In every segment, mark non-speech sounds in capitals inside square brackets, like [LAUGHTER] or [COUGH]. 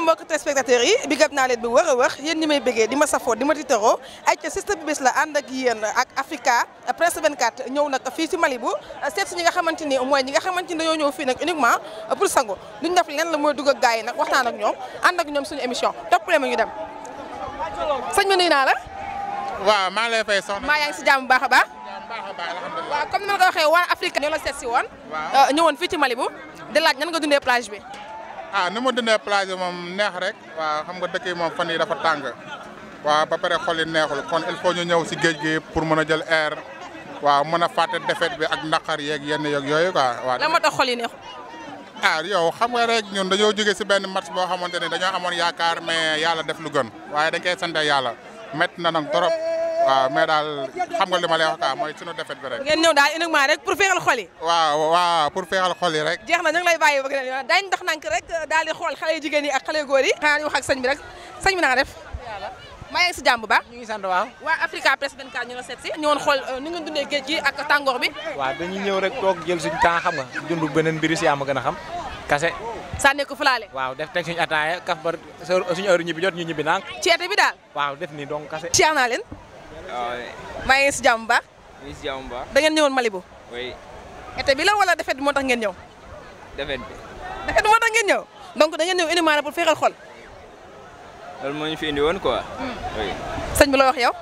sama mbokk téléspectateurs yi bi gab naa leen bi wër a wër yéen ñi may bëggee di ma safoo di ma titaroo ay ca sista bi la ànd ak yéen ak Africa Presse 24 ñëw nag fii ci Malibu seet si ñi nga xamante ni mooy ñi nga xamante ni dañoo ñëw fii nag uniquement pour sangu def leen la mooy dugg ak gars yi nag waxtaan ak ñoom ànd ak ñoom suñu émission toppale ma ñu dem sëñ bi nuyu naa la waaw maa ngi lay fay maa yaa ngi si jàmm bu baax a baax waaw comme ni ma la ko waxee waa Africa ñoo la seet si woon ñëwoon fii ci Malibu di laaj nan nga ah ni ma dundee plage moom neex rek waaw xam nga dëkk yi moom fan nii dafa tàng waa ba pare xol yi neexul kon il faut ñu ñëw si géej gi pour mën a jël air waaw mën a fàtte defet bi ak naqar yeeg yenn yeeg yooyu quoi. waa lan moo tax xol yi neexul. ah yow xam nga rek ñun dañoo jógee si benn match boo xamante ne dañoo amoon yaakaar mais yàlla def lu gën waaye dañ koy sant yàlla métti na nag trop. waaw mais daal xam nga li ma lay wax quoi mooy sunu defet bi rek. ngeen ñëw daal uniquement rek pour féexal xol waaw waaw pour féexal rek. jeex na ñu lay bàyyi bëgg nañu daañu dox rek daal di xool xale jigéen yi ak xale yi. xanaa ñu wax ak bi rek sëñ bi na nga def. maa si jàmm bu baax. ñu ngi sant waaw. waa Africa Press 24 ñu nga seet si. ñëwoon xool euh, ni nga dundee géej gi bi. waaw dañuy ñëw rek toog jël suñu temps xam nga dund beneen mbiri si ma a xam kase. sànni ko fulaale. waaw def teg suñu ataaya kaf ñibbi jot ñu ñibbi nang. ceete bi daal. waaw def ni donc kase. ci naa leen. Oh, iya. Mais Jamba. Mais Jamba. da ngeen Malibu. oui. été hmm. bi la wala défet bi moo tax ngeen ñëw. Défet bi. defet bi moo tax ngeen ñëw donc da ngeen ñëw uniquement pour fexal xol. loolu moo ñu fi indi won quoi. oui. Señ bi la wax yow.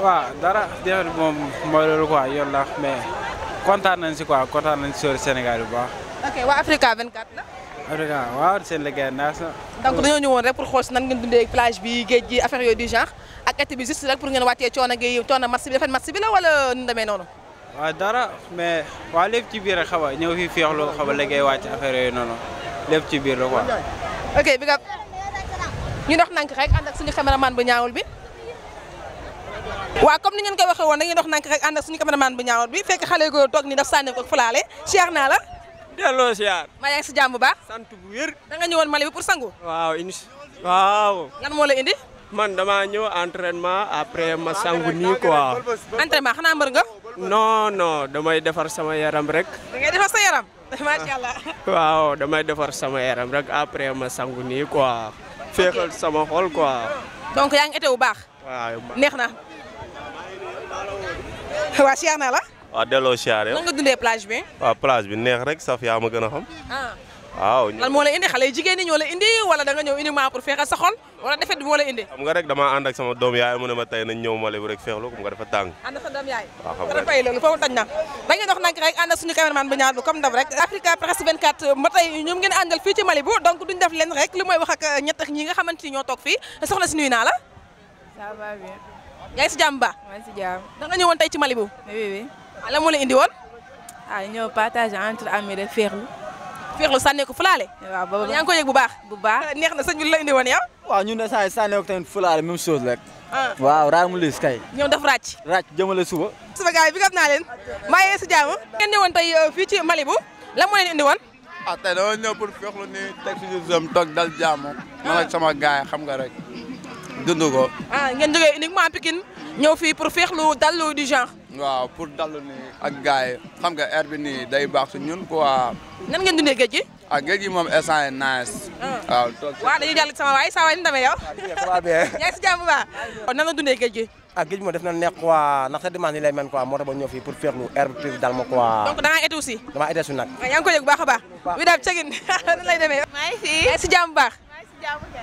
Wa, dara defet mom moom mooy quoi yoon la mais contane nañ ci quoi contane nañ ci sur Sénégal bu baax. ok wa Africa 24 la. Africa waaw seen liggéey naas na. donc dañoo ñëwoon rek pour nan ngeen plage bi géej gi affaire yooyu du genre enquête bi juste rek pour ngeen wàccee coono gi coono match bi rafet match bi la wala ñu démé nonu wa dara e mais wa lepp ci biir xawa ñew fi ñëw fi xawa la a waté affaire yi nonu lepp ci biir la quoi ok bi nga ñu dox nank rek and ak suñu cameraman bu ñaawul bi wa comme ni ngeen koy waxee woon ngay dox nank rek and ak suñu cameraman bu ñaawul bi fekk xalé go tok ni daf sané ko fulaale cheikh na la delo siyaar ma yaa ngi si bu baax sante bu wér da nga ñëwoon Mali bi pour sangu waaw ins waaw lan mo la indi man dama ñëw entraînement après ma sangu ni quoi. entraînement xana mbeur nga. non non damay défar sama yaram rek. da ngay défar sa yaram. [LAUGHS] macha allah. waaw damay défar sama yaram rek après ma sangu ni quoi. fexal sama xol quoi. donc yaa ngi été wu bax waaw neex na. waa la. wa delo siyaar nga dundé plage bi. wa plage bi neex rek saf ya ma gëna xam. Ah. waaw lan moo la indi xale yi jigéen ñi la indi wala da nga ñëw uniquement pour feexal sa xol wala defet bi moo la indi xam nga rek damaa ànd ak sama ma tey da ñoom ngeen àndal fii ci Malibu donc duñ def leen rek li mooy wax ak euh, ñett nga xamante ñoo toog fii soxna si nuyu naa la ça va bien yaa ngi si jàmm ba maa ngi si jàmm da nga ñëwoon tey ci Malibu oui oui lan moo la indi woon ah ñëw partager entre amis rek feexlu féexlu sànnee ko fulaale. waaw ba ba bu baax. bu baax [LAUGHS] neex na sëñ la indi woon yow. waaw ñun de saa yi sànnee ko tamit fulaale même chose rek. Ah. waaw raar mu liis kay. ñoom daf ràcc. ràcc jëmale suba. suba gars yi bi gab naa leen maa ngi si jàmm. ngeen ñëwoon tey euh, fii ci Malibu lan moo leen indi woon. ah tey dama ñëw pour féexlu nii teg suñu zëm toog dal jàmm. man ak ah. sama gars yi xam nga rek dund ko. ah ngeen jógee uniquement Pikine ñëw fii pour féexlu dallu du genre waaw pour dallu ni ak gars yi xam nga air bi nii day baax su ñun quoi. nan ngeen dundee géej gi. ah géej gi moom instant yii nice. Ah. waaw toog si waaw sama waay sa waay ni mu demee yow. waaw ah, bien [LAUGHS] yaa ngi si jàmm bu baax. kon nan la dundee géej gi. ah géej moo def pour féexlu dal ma quoi. donc da ngaa été aussi. damaa été su nag. waaw ah, yaa ko yëg baax a baax. [LAUGHS] bu baax wi daal cegin nan maa ngi si yaa ngi si jàmm baax.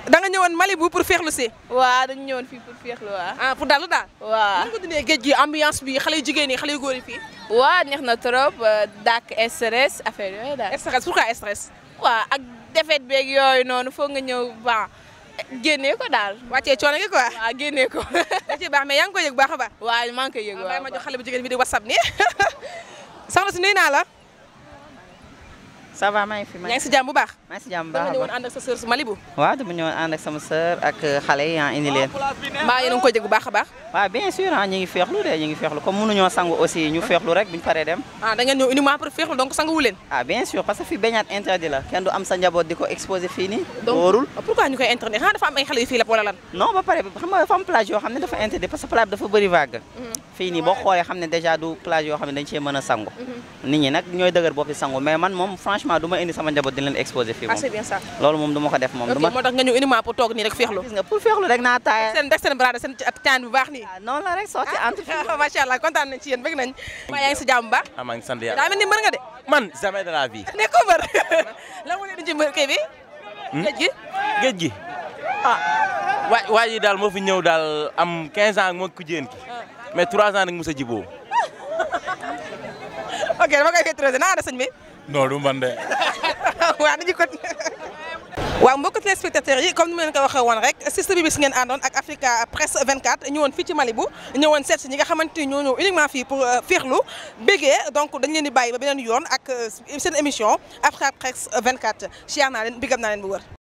da nga ñëwoon Malibu pour féexlu si. waaw dañu ñëwoon fii pour féexlu waaw. ah pour dalu daal. waaw nan nga dundee géej gi ambiance bi xale yu jigéen ñi xale yu góor yi na trop euh, dàkk stress affaire yooyu daal. stress pourquoi stress. ak defet beeg yooyu noonu foog nga ñëw ban génnee ko daal. wàccee coono gi quoi. waaw génnee ko. da [LAUGHS] ciy baax mais yaa ngi koy yëg baax a baax. waaw maa ngi koy yëg ah, waaw waaw xale bu bi di whatsapp nii. [LAUGHS] soxna si nuyu naa la. ça va maa ngi fi. yaa ngi si jàmm bu baax. maa ngi si bu baax a baax dama ñëwoon ànd ak sa eh, sœur su Malibu. waaw dama ñëwoon ànd ak sama sœur ak xale yi indi leen. mbaa yéen ngi koy dégg bu baax a bien sûr ah ñu ngi feexlu de ñu ngi feexlu comme mënuñoo sangu aussi ñu feexlu rek buñu paree dem. ah da ngeen ñëw uniquement pour feexlu donc sangu wu leen. ah bien sûr parce que fii baignade interdit la kenn du am sa njaboot di ko exposé fii nii. wóorul donc ah, pourquoi ñu koy interdit xanaa ah, dafa am ay xale yu fii la wala lan. non ba pare xam nga dafa am plage yoo xam ne dafa interdit parce que plage dafa bëri vague. Mhm. fii nii boo xoolee xam ne déjà du plage yoo xam dañ cee mën sangu. Mhm. nit ñi nag ñooy dëgër boppi sangu mais man moom franchement franchement duma indi sama njabot di leen exposé fii moom. c'est bien ça lolou mom duma ko def mom duma motax nga ñu indi ma pour tok ni rek fexlu gis nga pour fexlu rek na tay sen dex sen braada sen taan bu baax ni ah, non la rek sotti ah, entre. [LAUGHS] sha allah contane nañ ci yeen bëgg nañ. ma yaa ngi si jàmm bu baax. Ah, maa ngi sant yàlla daa mel ni mën nga de. man jamais de la vie. [LAUGHS] ne ko mbër la [LAUGHS] mo leen di ci mbër kii bi. Hmm? geejgi geejgi ah. way way yi dal mo fi ñew dal am 15 ans mo ku jeen ki mais 3 ans nak musa jibo Oke, okay, makanya kita terus. Nah, ada senyum. non du man de. [LAUGHS] waaw ko. [LAUGHS] comme nous système bis Africa Press 24 nous sommes ci Malibu nous ñi nga nous uniquement pour pour euh, Nous bégé, donc dañ leen di ba Nous yoon euh, émission Africa Press 24 Nous naa bigam Nous